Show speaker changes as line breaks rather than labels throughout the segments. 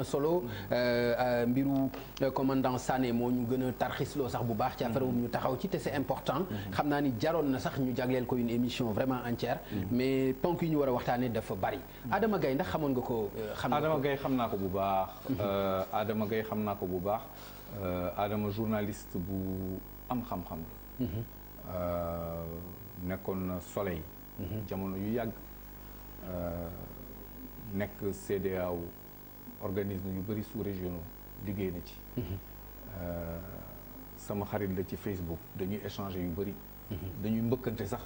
na solo euh, euh, mbiru euh, commandant Sané moo ñu gën a tarxisloo sax bu baax ci affaire wu ñu taxaw ci te c'est important xam naa ni jaroon na sax ñu jagleel ko une émission vraiment entière mais ponk yi ñu war a waxtaane dafa bari Adama gay ndax xamoon nga ko xam
Adama Gaye xam naa ko bu baax Adama gay xam naa ko bu baax Adama journaliste bu am xam-xam la mhm. nekkoon na soleil mhm. jamono yu yàgg nekk CEDEAO organisme yu bëri sous régionaux liggéey na ci mhm. euh, sama xarit la ci Facebook dañuy échanger yu bëri mhm. dañuy mbëkkante sax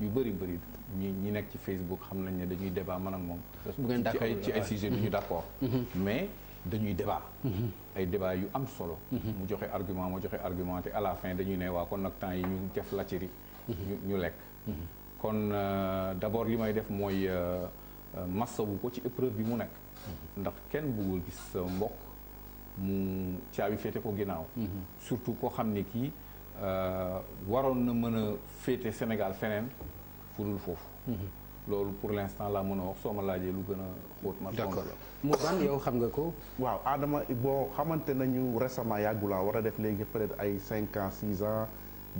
yu bëri bëri ñi ñi nekk ci Facebook xam nañ ne dañuy débat man ak moom ci ay ci ay sujet du ñu mhm. d'accord mais dañuy débat ay débat yu am solo mu joxe argument mu joxe argument te à la fin dañuy ne waa kon nag temps yi ñu def la ciri ñu ñu lekk kon euh, d'abord li may def mooy euh, massawu ko ci épreuve bi mu nekk ndax kenn bëggul gis sa mbokk mu caabi féete ko ginnaaw mhm. surtout koo xam ne kii euh, waroon na mën a féete Sénégal feneen fu dul foofu mhm. loolu pour l'instant laa mën a wax soo ma laajee lu gën a xóot ma d'accord moo ban yow
xam nga ko waaw Adama boo xamante nañu récemment yàggulaa ah, war a def léegi peut-être ay cinq ans six ans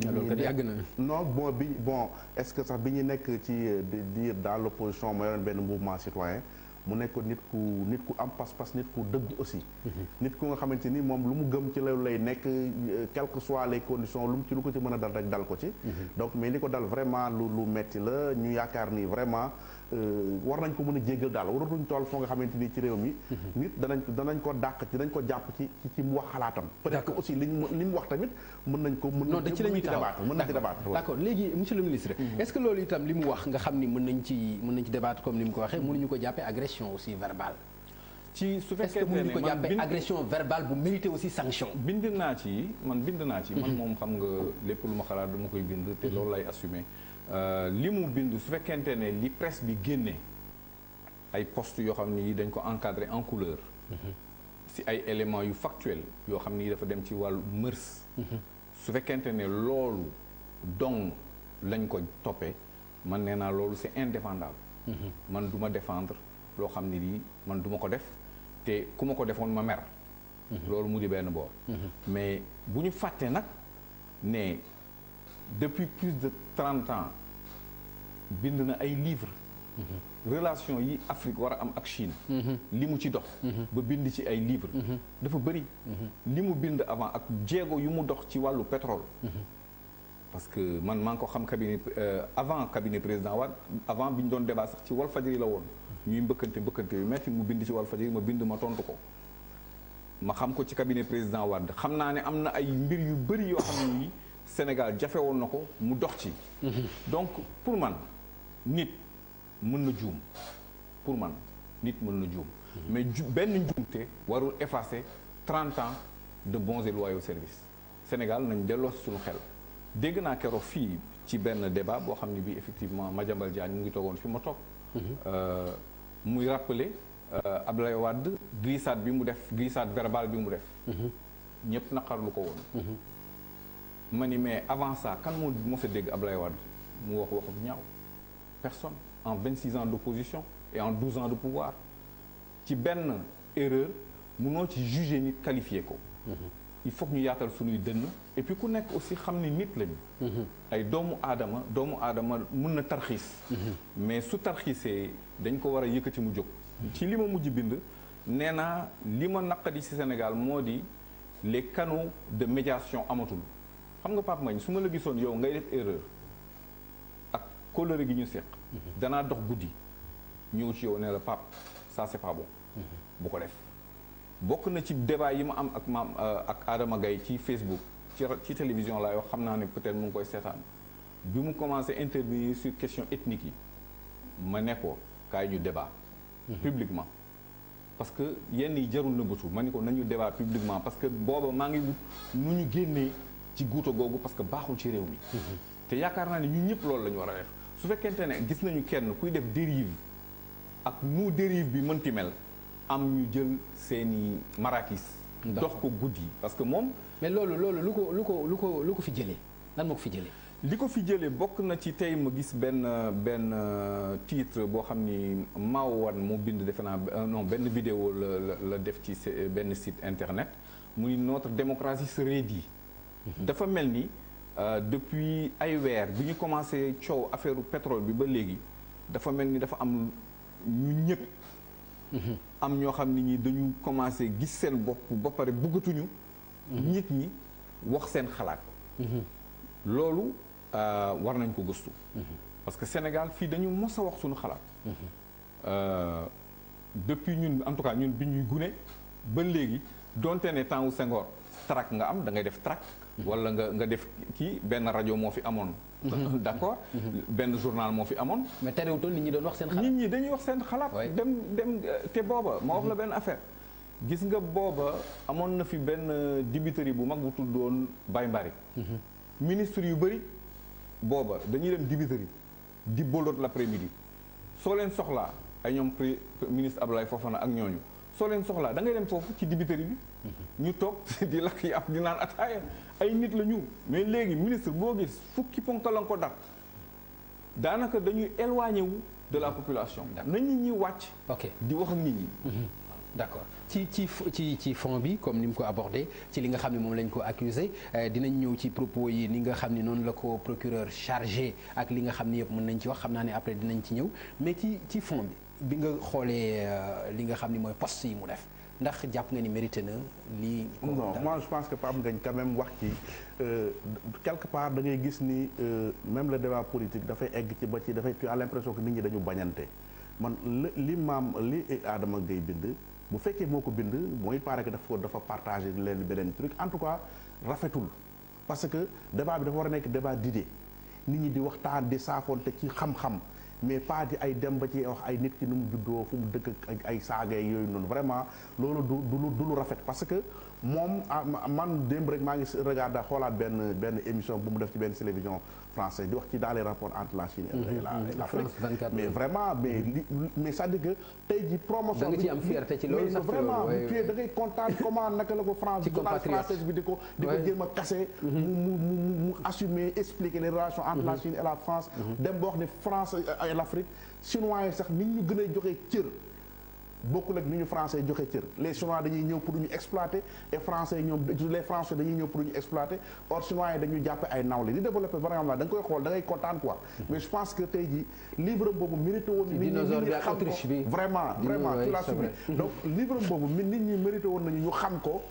alors que yàgg na no boo bi bon est-ce que sax bi ñu nekk ci euh, dire dans l'opposition ma yoroon benn mouvement citoyen mu nekkoon nit ku nit ku am pas-pas nit ku dëgg aussi. Mhm. nit ku nga xamante ni moom lu mu gëm ci loolu lay nekk euh, quelles que soient les conditions lu mu ci lu ko ci mën a dal rek dal ko ci. Mhm. donc mais li ko dal vraiment lu lu metti la ñu yaakaar ni vraiment. Euh, war nañ ko mën a jéggal daal waratuñ tool foo nga xamante ni ci réew mi mhm. nit danañ danañ ko dàq ci danañ ko jàpp ci ci ci mu wax xalaatam peut-être que aussi liñ li mu wax tamit mën nañ ko mën nañ ci débattre mën nañ ci débattre léegi monsieur le ministre mhm. est-ce li mu wax nga xam ni mën
nañ ci mën nañ ci débattre comme ni mu ko waxee mhm. mënuñu ko jàppee agression aussi verbale ci su
fekkee ne man ko jàppee agression verbale bu mérité aussi sanction. bind naa ci man bind naa ci. man moom xam nga lépp lu ma xalaat duma koy bind te loolu lay assumé Euh, li mu bind su fekkente ne li presse bi génne ay postes yoo xam ni dañ ko encadré en couleur mhm. si ay éléments yu factuel yoo xam ni dafa dem ci wàllu mërs mhm. su fekkente ne loolu dong lañ ko toppee man nee naa loolu c'est indéfendable mhm. man du ma défendre loo xam ni lii man duma ko def te ku ma ko defoon ma mer loolu mu di benn boor mais bu ñu fàtte nag ne depuis plus de trente ans bind na ay livres. relation yi Afrique war a am ak Chine. Mhm. li mu ci dox. Mhm. ba bind ci ay livres. Mhm. dafa bëri. li mu bind avant ak jéego yu mu dox ci wàllu pétrole. parce que man maa ngi ko xam cabinet euh, avant cabinet président Wade avant bi ñu doon débat sax ci Walfadjri la woon. ñuy mbëkkante mbëkkante yu metti mu bind ci Walfadjri ma bind ma tontu ko. ma xam ko ci cabinet président Wade xam naa ne am na ay mbir yu bëri yoo xam ne Sénégal jafe woon na ko mu dox ci. donc pour man nit mën na juum pour man nit mën na juum. mais benn njuumte warul effacer trente ans de bons et loyaux services Sénégal nañ delloo suñu xel. dégg naa keroog fii ci benn débat boo xam ne bii effectivement ma Madiambal Diagne mu ngi toogoon fi ma toog. Euh, muy rappeler euh, Abdoulaye Wade glissade bi mu def glissade verbale bi mu def. Mmh. ñëpp naqarlu ko woon. Mmh. ma ni mais avant ça kan moo moo sa dégg Ablaye Wade mu wax waxu ñaaw personne en 26 ans d'opposition et en 12 ans de pouvoir ci benn erreur mënoo ci juger nit qualifier ko mhm. il faut ñu yaatal suñuy dënn et puis ku nekk aussi xam ni nit lañu mhm. ay doomu aadama doomu aadama mun na tarxiis mhm. mais su tarxiisee dañ ko war a yëkkati mu jóg ci li ma mujj bind nee naa li ma naqadi ci Sénégal moo di les canaux de médiation amatul xam nga Pape Magne su ma la gisoon yow ngay def erreur ak kóllëre gi ñu seq. danaa dox guddi ñëw ci yow ne la Pape ça c'est pas bon. bu ko def bokk na ci débat yi ma am ak maam euh, ak Adama Gaye ci Facebook ci ci télévision laa yoo xam naa ne peut-être mu ngi koy seetaan bi mu commencé intervenir sur question ethnique yi ma nekkoo ko kaay ñu débat. publiquement parce que yenn yi jarul nëbbatu ma ne ko nañu débat publiquement parce que booba maa ngi wut nu ñu génnee. ci guuta googu parce que baaxul ci réew mi mhm. te yaakaar naa ne ñun ñëpp loolu la war a def su fekkente ne gis nañu kenn kuy def dérive ak nu dérive bi mënti mel am ñu jël seeni marakis dox ko guddi parce que moom mais loolu loolu lu ko lu ko lu ko lu ko fi jëlee lan moo ko fi jëlee li ko fi jëlee bokk na ci tey ma gis benn benn euh, titre boo xam ni Maowan mu bind defe naa euh, non benn vidéo la la def ci benn site internet mu ni notre démocratie se raidit dafa mel ni euh, depuis ay weer bi ñu commencé coow affaire pétrole bi ba léegi dafa mel ni dafa am ñu ñëpp. am ñoo xam ni ñi dañu commencé gis seen bopp ba pare buggatuñu nit ñi wax seen xalaat. loolu euh, war nañ ko gëstu. parce que Sénégal fii dañu mos a wax suñu xalaat. Euh, depuis ñun en tout cas ñun bi ñuy gune ba léegi donte ne temps wu Senghor. track nga am da ngay def trac wala nga nga def kii benn rajo moo fi amoon mhm. d' accord benn journal moo fi amoon mais terewutoon nit ñi doon wax seen xalaat ñi dañuy wax seen xalaat dem dem te booba moo wax la mhm. benn affaire gis nga booba amoon na fi benn dibiteri bu mag bu tuddoon Baye Mbari mhm. ministre yu bëri booba dañuy dem dibiteri di boloot l' après midi soo leen soxlaa ay ñoom ministre Abdoulaye na ak ñooñu soo leen soxlaa da ngay dem foofu ci dibiteri bi ñu toog di lakk yi ab di naan ataaya ay nit la ñu mais léegi ministre boo gis fukki ponk la ko dab daanaka dañuy éloigné wu de la population. na nit ñi wàcc. ok di wax ak nit ñi. Mhm. d'accord ci ci
ci ci fond bi comme ni mu ko abordé ci li nga xam ne moom lañ ko accuser euh, dinañ ñëw ci propos yi ni nga xam ni noonu la ko procureur chargé ak li nga xam ne yëpp mën nañ ci wax xam naa ne après dinañ ci ñëw mais ci ci fond bi bi nga xoolee euh, li nga xam ni mooy poste yi mu def. ndax
jàpp nga ni mérité na lii. non moi je pense que Pape Ngagne quand même wax ci euh, quelque part da gis ni euh, même le débat politique dafay egg ci ba ci dafay tu as l'impression que nit ñi dañu bañante man li maam li aadama Gaye bind bu fekkee moo ko bind mooy pare que dafa dafa partagé leen beneen truc en tout cas rafetul parce que débat bi dafa war a nekk débat d'idée nit ñi di waxtaan di saafoonte ci xam-xam mais pas di ay dem ba ci wax ay nit ki nu mu juddoo fu mu dëkk ak ay saaga yooyu noonu vraiment loolu du du lu rafet parce que moom ah, man dem rek maa ngi regarda xoolaat benn benn émission bu mu def ci benn télévision française di wax ci dans les rapports entre la Chine et tey ji promotion bi mais vraiment tu es da ngay kontaan comment naka la ko France journaliste française di ko di ko jéem a kase mm-hmm. mu mu la mm-hmm. Chine mm-hmm. dem ba wax ne France euh, et l'Afrique chinois sax nit ñu gën a joxee cër bokkul ak ni ñu français joxe cër les chinois dañuy ñëw pour ñu exploiter et français ñoom les français dañuy ñëw pour ñu exploiter or chinois yi jàppe ay nawle li développé par exemple da koy xool da ngay kontaan quoi mais je pense que tey jii livre boobu mérité woon nit ñi xam ko vraiment vraiment tu l'as suivi nit ñi mérité woon nañu ñu xam ko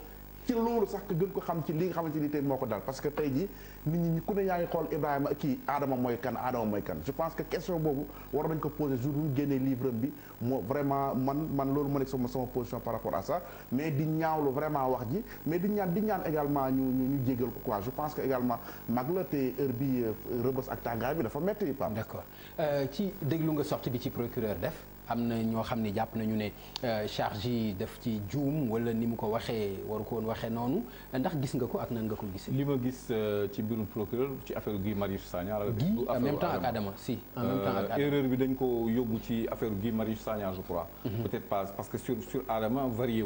ci loolu sax gën ko xam ci li nga xamante ni tey moo ko dal parce que tey ji nit ñi ku ne yaa ngi xool Ibrahima kii Adama mooy kan Adama mooy kan je pense que question boobu war nañ ko poser jour bu génnee livre bi moo vraiment man man loolu ma nekk sama sama position par rapport à ça mais di ñaawlu vraiment wax ji mais di ñaan di ñaan également ñu ñu ñu jégal ko quoi je pense que également mag la te heure bi euh, rëbës ak tàngaay bi dafa metti yi Pape. d'accord
euh, ci déglu nga sortie bi ci procureur def. am na ñoo xam ni jàpp nañu ne euh, charge yi daf ci juum wala ni mu ko waxe waru ko woon waxee noonu ndax gis nga ko ak nan nga ko gis
li ma gis euh, ci bureau procureur ci affaire Guy Marius Sagna Guy en même temps ak Adama si en même euh, bi dañ ko yóbbu ci affaire Guy Marius Sagna je crois mhm. peut-être pas parce que sur sur Adama varié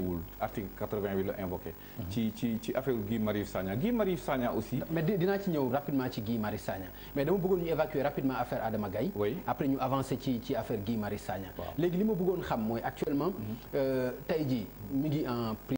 la invoqué mhm. ci ci ci affaire Guy Marius Sagna Guy Marius Sagna aussi dinaa ci
ñëw rapidement ci Guy Marius Sagna mais dama bëggoon ñu évacuer rapidement affaire Adama Gaye après ñu avancer ci ci affaire Guy Marius Sagna léegi li ma bëggoon xam mooy actuellement mhm. euh, tey jii mi ngi en